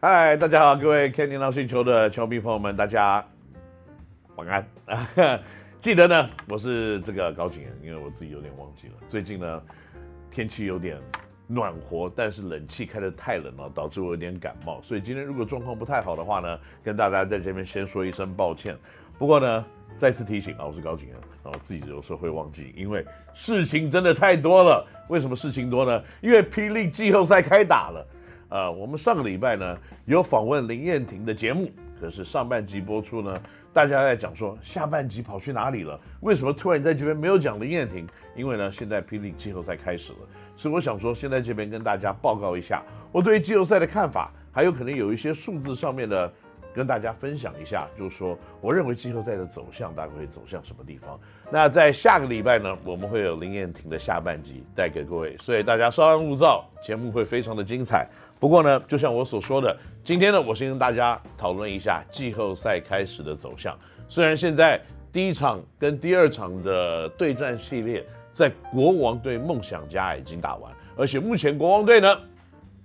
嗨，大家好，各位肯尼 NOW 星球的球迷朋友們，大家晚安。 記得呢，我是這個高景炎，因為我自己有點忘記了。最近呢，天氣有點暖和，但是冷氣開的太冷了，導致我有點感冒。所以今天如果狀況不太好的話呢，跟大家在這邊先說一聲抱歉。不過呢，再次提醒啊、哦，我是高景炎、哦，我自己有時候會忘記，因為事情真的太多了。為什麼事情多呢？因為 PLG 季後賽開打了。呃、uh,，我們上個禮拜呢有訪問林彥廷的節目，可是上半集播出呢，大家在講說下半集跑去哪裡了？為什麼突然在這邊沒有講林彥廷？因為呢，現在 PLG 季後賽開始了，所以我想說，現在這邊跟大家報告一下我對於季後賽的看法，還有可能有一些數字上面的。跟大家分享一下，就是說我認為季後賽的走向大概會走向什麼地方。那在下個禮拜呢，我們會有林彥廷的下半集帶給各位，所以大家稍安勿躁，節目會非常的精彩。不過呢，就像我所說的，今天呢，我先跟大家討論一下季後賽開始的走向。雖然現在第一場跟第二場的對戰系列在國王對夢想家已經打完，而且目前國王隊呢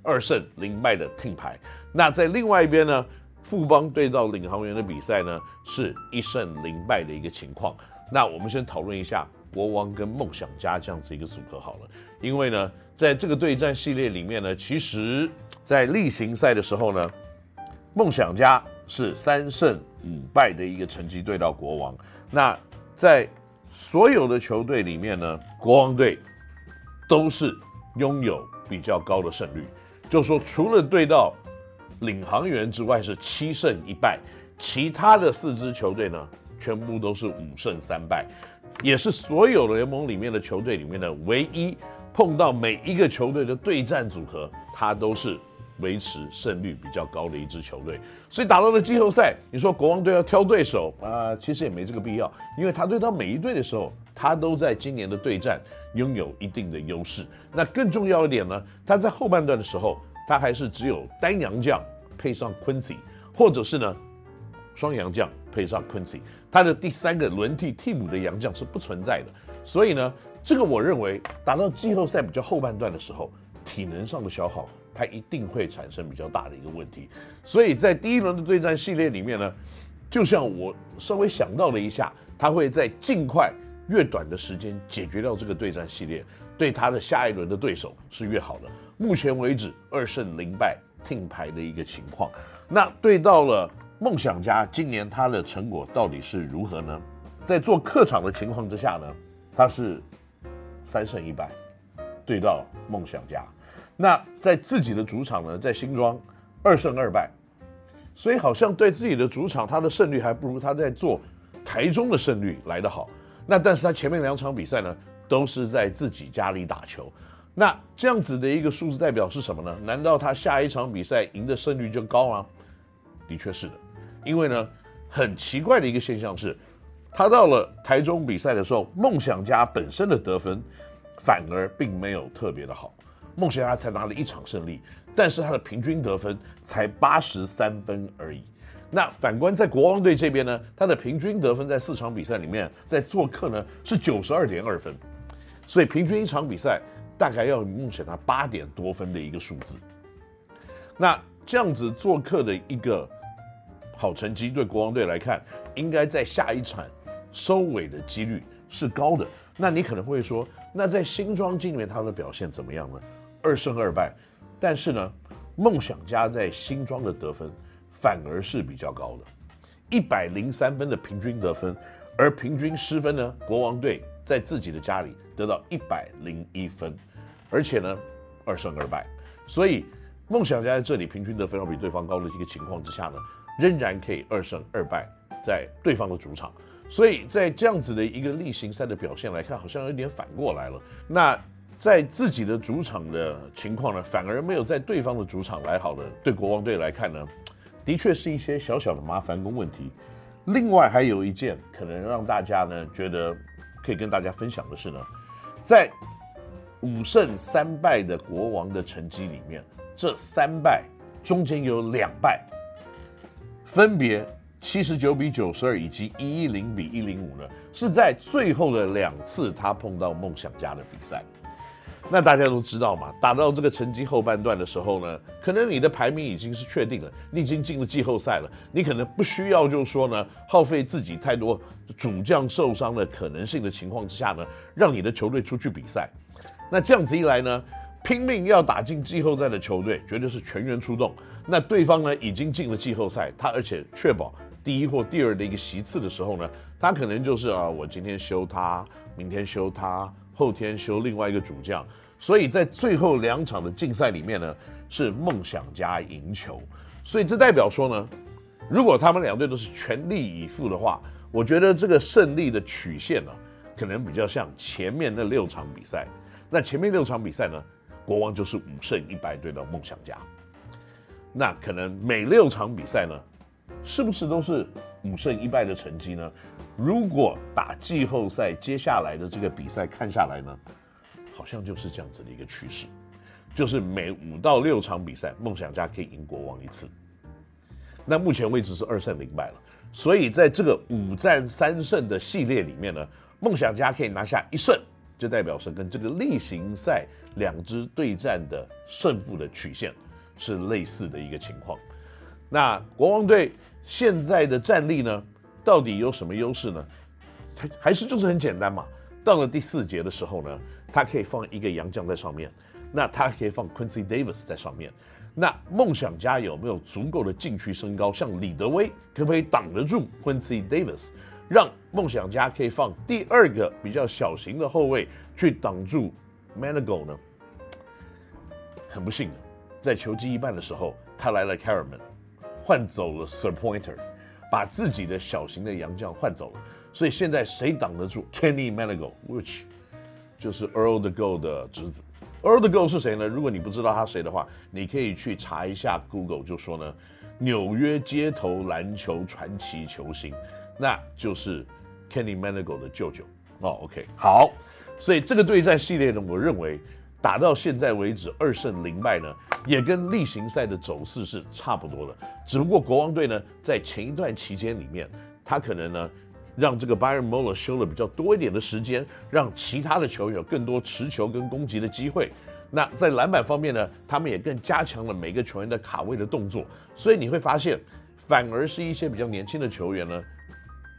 二勝零敗的聽牌。那在另外一邊呢？富邦對到領航員的比賽呢，是一勝零敗的一個情況。那我們先討論一下國王跟夢想家這樣子一個組合好了，因為呢，在這個對戰系列裡面呢，其實，在例行賽的時候呢，夢想家是三勝五敗的一個成績對到國王。那在所有的球隊裡面呢，國王隊都是擁有比較高的勝率，就是說除了對到領航猿之外是七勝一敗，其他的四支球隊呢，全部都是五勝三敗，也是所有的聯盟裡面的球隊裡面的唯一碰到每一個球隊的對戰組合，他都是維持勝率比較高的一支球隊。所以打到了季後賽，你說國王隊要挑對手啊，其實也沒這個必要，因為他對到每一隊的時候，他都在今年的對戰擁有一定的優勢。那更重要一點呢，他在後半段的時候，他還是只有單洋將。配上 Quincy，或者是呢，雙洋將配上 Quincy，他的第三個輪替替補的洋將是不存在的。所以呢，這個我認為打到季後賽比較後半段的時候，體能上的消耗，它一定會產生比較大的一個問題。所以在第一輪的對戰系列裡面呢，就像我稍微想到了一下，他會在盡快越短的時間解決掉這個對戰系列，對他的下一輪的對手是越好的。目前為止二勝零敗。聽牌的一個情況，那對到了夢想家，今年他的成果到底是如何呢？在做客場的情況之下呢，他是三勝一敗，對到夢想家。那在自己的主場呢，在新莊二勝二敗，所以好像對自己的主場他的勝率還不如他在做台中的勝率來得好。那但是他前面兩場比賽呢，都是在自己家裡打球。那這樣子的一個數字代表是什麼呢？難道他下一場比賽贏的勝率就高嗎？的確是的，因為呢，很奇怪的一個現象是，他到了台中比賽的時候，夢想家本身的得分反而並沒有特別的好，夢想家才拿了一場勝利，但是他的平均得分才八十三分而已。那反觀在國王隊這邊呢，他的平均得分在四場比賽裡面，在做客呢，是九十二點二分，所以平均一場比賽。大概要以目前他八點多分的一個數字，那這樣子做客的一個好成績，對國王隊來看，應該在下一場收尾的幾率是高的。那你可能會說，那在新莊裡面他的表現怎麼樣呢？二勝二敗，但是呢，夢想家在新莊的得分反而是比較高的，一百零三分的平均得分，而平均失分呢，國王隊。在自己的家裡得到一百零一分，而且呢，二勝二敗，所以夢想家在這裡平均得分要比對方高的一個情況之下呢，仍然可以二勝二敗在對方的主場。所以在這樣子的一個例行賽的表現來看，好像有點反過來了。那在自己的主場的情況呢，反而沒有在對方的主場來好了。對國王隊來看呢，的確是一些小小的麻煩跟問題。另外還有一件可能讓大家呢覺得。可以跟大家分享的是呢，在五勝三敗的國王的成績裡面，這三敗中間有兩敗，分別七十九比九十二以及一一零比一零五呢，是在最後的兩次他碰到夢想家的比賽。那大家都知道嘛，打到這個成績後半段的時候呢，可能你的排名已經是確定了，你已經進了季後賽了，你可能不需要就是說呢，耗費自己太多主將受傷的可能性的情況之下呢，讓你的球隊出去比賽。那這樣子一來呢，拼命要打進季後賽的球隊絕對是全員出動。那對方呢，已經進了季後賽，他而且確保第一或第二的一個席次的時候呢，他可能就是啊，我今天休他，明天休他。後天修另外一個主將，所以在最後兩場的競賽裡面呢，是夢想家贏球，所以這代表說呢，如果他們兩隊都是全力以赴的話，我覺得這個勝利的曲線呢、啊，可能比較像前面那六場比賽。那前面六場比賽呢，國王就是五勝一敗對到夢想家，那可能每六場比賽呢，是不是都是五勝一敗的成績呢？如果打季後賽，接下來的這個比賽看下來呢，好像就是這樣子的一個趨勢，就是每五到六場比賽，夢想家可以贏國王一次。那目前為止是二勝零敗了，所以在這個五戰三勝的系列裡面呢，夢想家可以拿下一勝，就代表是跟這個例行賽兩支對戰的勝負的曲線是類似的一個情況。那國王隊現在的戰力呢？到底有什麼優勢呢？還還是就是很簡單嘛。到了第四節的時候呢，他可以放一個洋將在上面，那他可以放 Quincy Davis 在上面。那夢想家有沒有足夠的禁區身高，像李德威，可不可以擋得住 Quincy Davis，讓夢想家可以放第二個比較小型的後衛去擋住 Manigault 呢？很不幸在球技一半的時候，他來了 Carman，換走了 Sir Pointer。把自己的小型的洋將換走了，所以現在誰擋得住 Kenny Manigault, which 就是 Earl the Goat 的侄子，Earl the Goat 是誰呢？如果你不知道他誰的話，你可以去查一下 Google，就說呢，紐約街頭籃球傳奇球星，那就是 Kenny Manigault 的舅舅。哦、oh，OK，好，所以這個對戰系列呢，我認為。打到現在為止，二勝零敗呢，也跟例行賽的走勢是差不多的。只不過國王隊呢，在前一段期間裡面，他可能呢，讓這個 Byron Mullens 休了比較多一點的時間，讓其他的球員有更多持球跟攻擊的機會。那在籃板方面呢，他們也更加強了每個球員的卡位的動作。所以你會發現，反而是一些比較年輕的球員呢，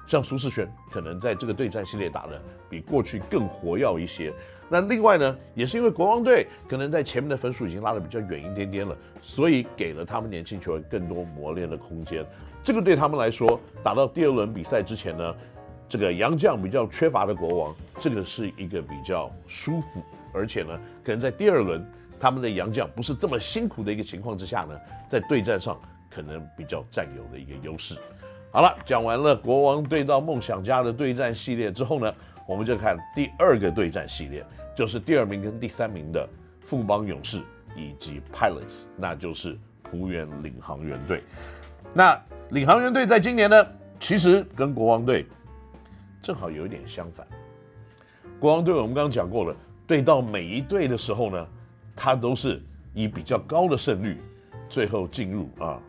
像蘇士軒，可能在這個對戰系列打的比過去更活躍一些。那另外呢，也是因為國王隊可能在前面的分數已經拉得比較遠一點點了，所以給了他們年輕球員更多磨練的空間。這個對他們來說，打到第二輪比賽之前呢，這個洋將比較缺乏的國王，這個是一個比較舒服，而且呢，可能在第二輪他們的洋將不是這麼辛苦的一個情況之下呢，在對戰上可能比較占有的一個優勢。好了，講完了國王隊到夢想家的對戰系列之後呢。我們就看第二個對戰系列，就是第二名跟第三名的富邦勇士以及 Pilots，那就是桃園領航員隊。那領航員隊在今年呢，其實跟國王隊正好有一點相反。國王隊我們剛剛講過了，對到每一隊的時候呢，他都是以比較高的勝率，最後進入啊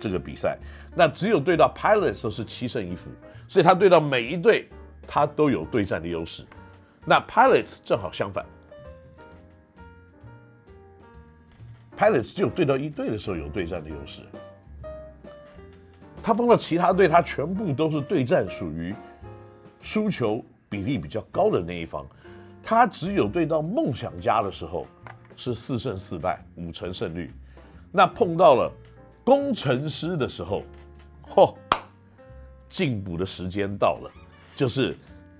這個比賽。那只有對到 Pilots 都是七勝一負，所以他對到每一隊。他都有對戰的優勢，那 Pilots 正好相反，Pilots 只有對到一隊的時候有對戰的優勢，他碰到其他隊，他全部都是對戰屬於輸球比例比較高的那一方，他只有對到夢想家的時候是四勝四敗五成勝率，那碰到了工程師的時候，嚯、哦，進步的時間到了。就是，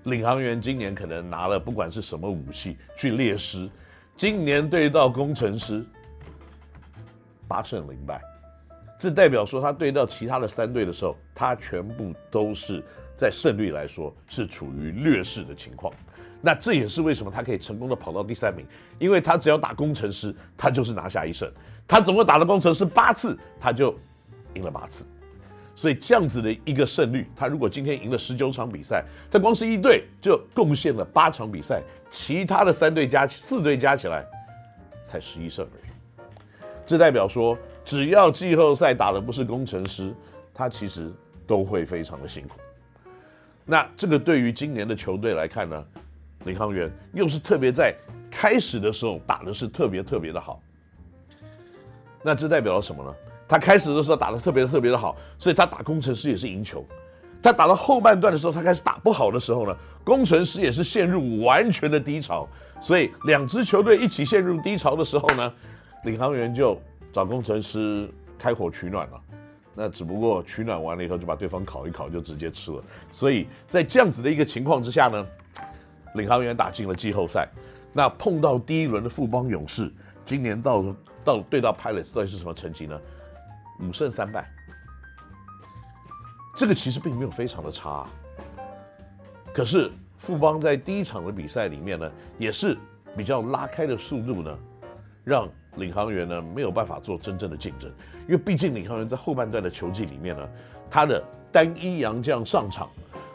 領航猿今年可能拿了不管是什麼武器去獵獅，今年對到攻城獅八勝零敗，這代表說他對到其他的三隊的時候，他全部都是在勝率來說是處於劣勢的情況。那這也是為什麼他可以成功的跑到第三名，因為他只要打攻城獅，他就是拿下一勝。他總共打了攻城獅八次，他就贏了八次。所以這樣子的一個勝率，他如果今天贏了十九場比賽，他光是一隊就貢獻了八場比賽，其他的三隊加四隊加起來才十一勝而已。這代表說，只要季後賽打的不是攻城獅，他其實都會非常的辛苦。那這個對於今年的球隊來看呢，領航猿又是特別在開始的時候打的是特別特別的好。那這代表了什麼呢？他開始的時候打得特別特別的好，所以他打工程師也是贏球。他打到後半段的時候，他開始打不好的時候呢，工程師也是陷入完全的低潮。所以兩支球隊一起陷入低潮的時候呢，領航員就找工程師開火取暖了。那只不過取暖完了以後，就把對方烤一烤就直接吃了。所以在這樣子的一個情況之下呢，領航員打進了季後賽。那碰到第一輪的富邦勇士，今年到到對到 Pilots 到底是什麼成績呢？五勝三敗，這個其實並沒有非常的差啊。可是富邦在第一場的比賽裡面呢，也是比較拉開的速度呢，讓領航員呢沒有辦法做真正的競爭。因為畢竟領航員在後半段的球季裡面呢，他的單一洋將上場，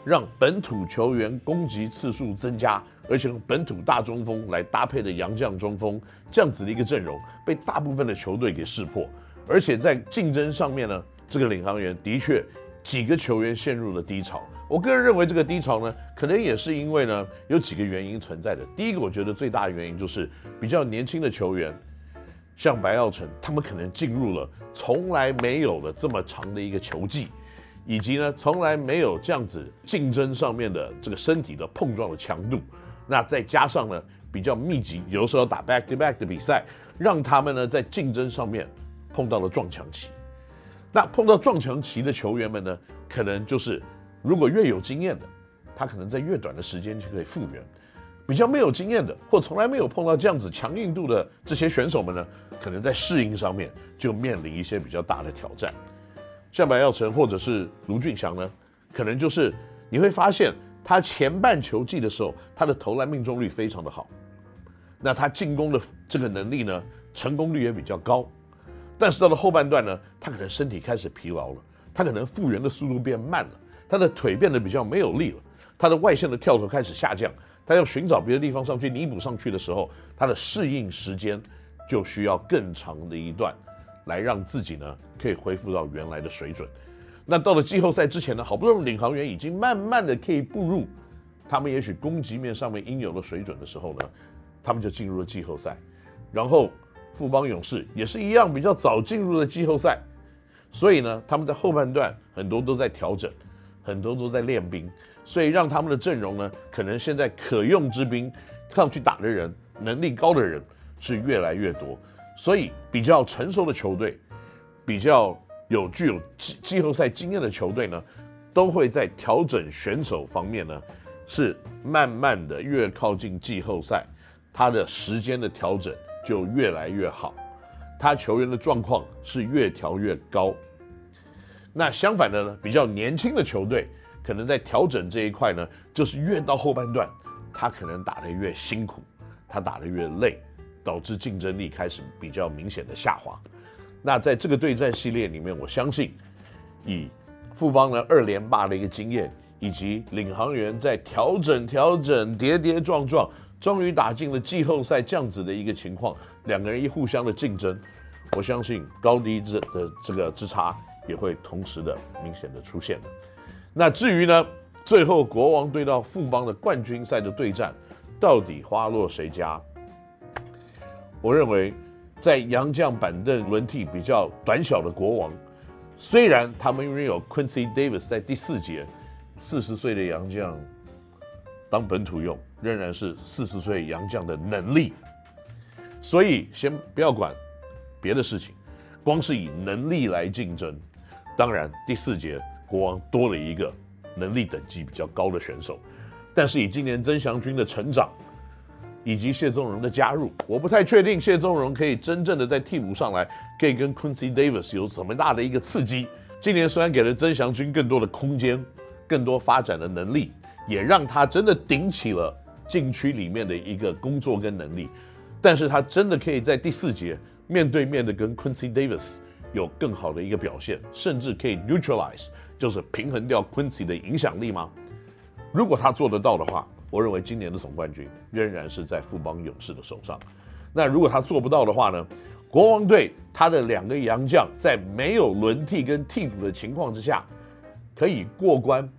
讓本土球員攻擊次數增加，而且用本土大中鋒來搭配的洋將中鋒這樣子的一個陣容，被大部分的球隊給識破。而且在競爭上面呢，這個領航員的確幾個球員陷入了低潮。我個人認為這個低潮呢，可能也是因為呢有幾個原因存在的。第一個，我覺得最大原因就是比較年輕的球員，像白耀成，他們可能進入了從來沒有了這麼長的一個球季，以及呢從來沒有這樣子競爭上面的這個身體的碰撞的強度。那再加上呢比較密集，有時候打 back to back 的比賽，讓他們呢在競爭上面。碰到了撞牆期，那碰到撞牆期的球員們呢，可能就是如果越有經驗的，他可能在越短的時間就可以復原；比較沒有經驗的，或從來沒有碰到這樣子強硬度的這些選手們呢，可能在適應上面就面臨一些比較大的挑戰。像白耀成或者是盧俊祥呢，可能就是你會發現他前半球季的時候，他的投籃命中率非常的好，那他進攻的這個能力呢，成功率也比較高。但是到了後半段呢，他可能身體開始疲勞了，他可能復原的速度變慢了，他的腿變得比較沒有力了，他的外線的跳投開始下降，他要尋找別的地方上去彌補上去的時候，他的適應時間就需要更長的一段，來讓自己呢可以恢復到原來的水準。那到了季後賽之前呢，好不容易領航員已經慢慢的可以步入他們也許攻擊面上面應有的水準的時候呢，他們就進入了季後賽，然後。富邦勇士也是一樣，比較早進入了季後賽，所以呢，他們在後半段很多都在調整，很多都在練兵，所以讓他們的陣容呢，可能現在可用之兵上去打的人，能力高的人是越來越多。所以比較成熟的球隊，比較有具有季季後賽經驗的球隊呢，都會在調整選手方面呢，是慢慢的越靠近季後賽，他的時間的調整，就越來越好，他球員的狀況是越調越高。那相反的呢，比較年輕的球隊，可能在調整這一塊呢，就是越到後半段，他可能打得越辛苦，他打得越累，導致競爭力開始比較明顯的下滑。那在這個對戰系列裡面，我相信以富邦的二連霸的一個經驗，以及領航員在調整調整、跌跌撞撞，終於打進了季後賽，這樣子的一個情況，兩個人一互相的競爭，我相信高低之的這個之差也會同時的明顯的出現了，那至於呢，最後國王對到富邦的冠軍賽的對戰，到底花落誰家？我認為，在洋將板凳輪替比較短小的國王，雖然他們擁有 Quincy Davis 在第四節，四十歲的洋將。當本土用仍然是四十歲洋將的能力，所以先不要管別的事情，光是以能力來競爭。當然第四節國王多了一個能力等級比較高的選手，但是以今年曾祥鈞的成長以及謝宗榮的加入，我不太確定謝宗榮可以真正的在替補上來，可以跟 Quincy Davis 有什麼大的一個刺激。今年雖然給了曾祥鈞更多的空間，更多發展的能力。也讓他真的頂起了禁區裡面的一個工作跟能力，但是他真的可以在第四節面對面的跟 Quincy Davis 有更好的一個表現，甚至可以 neutralize，就是平衡掉 Quincy 的影響力嗎？如果他做得到的話，我認為今年的總冠軍仍然是在富邦勇士的手上。那如果他做不到的話呢？國王隊他的兩個洋將在沒有輪替跟替補的情況之下，可以過關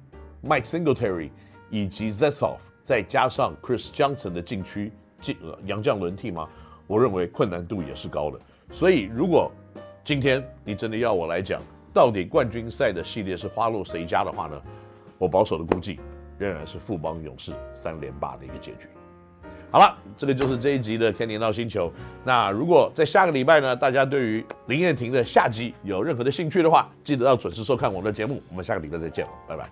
？Mike Singletary。以及 z e t s f 再加上 Chris 江 n 的禁區進楊絳輪替嗎？我認為困難度也是高的。所以如果今天你真的要我來講，到底冠軍賽的系列是花落誰家的話呢？我保守的估計仍然是富邦勇士三連霸的一個結局。好了，這個就是這一集的《Ken o 鬧星球》。那如果在下個禮拜呢，大家對於林燕婷的下集有任何的興趣的話，記得要準時收看我們的節目。我們下個禮拜再見，拜拜。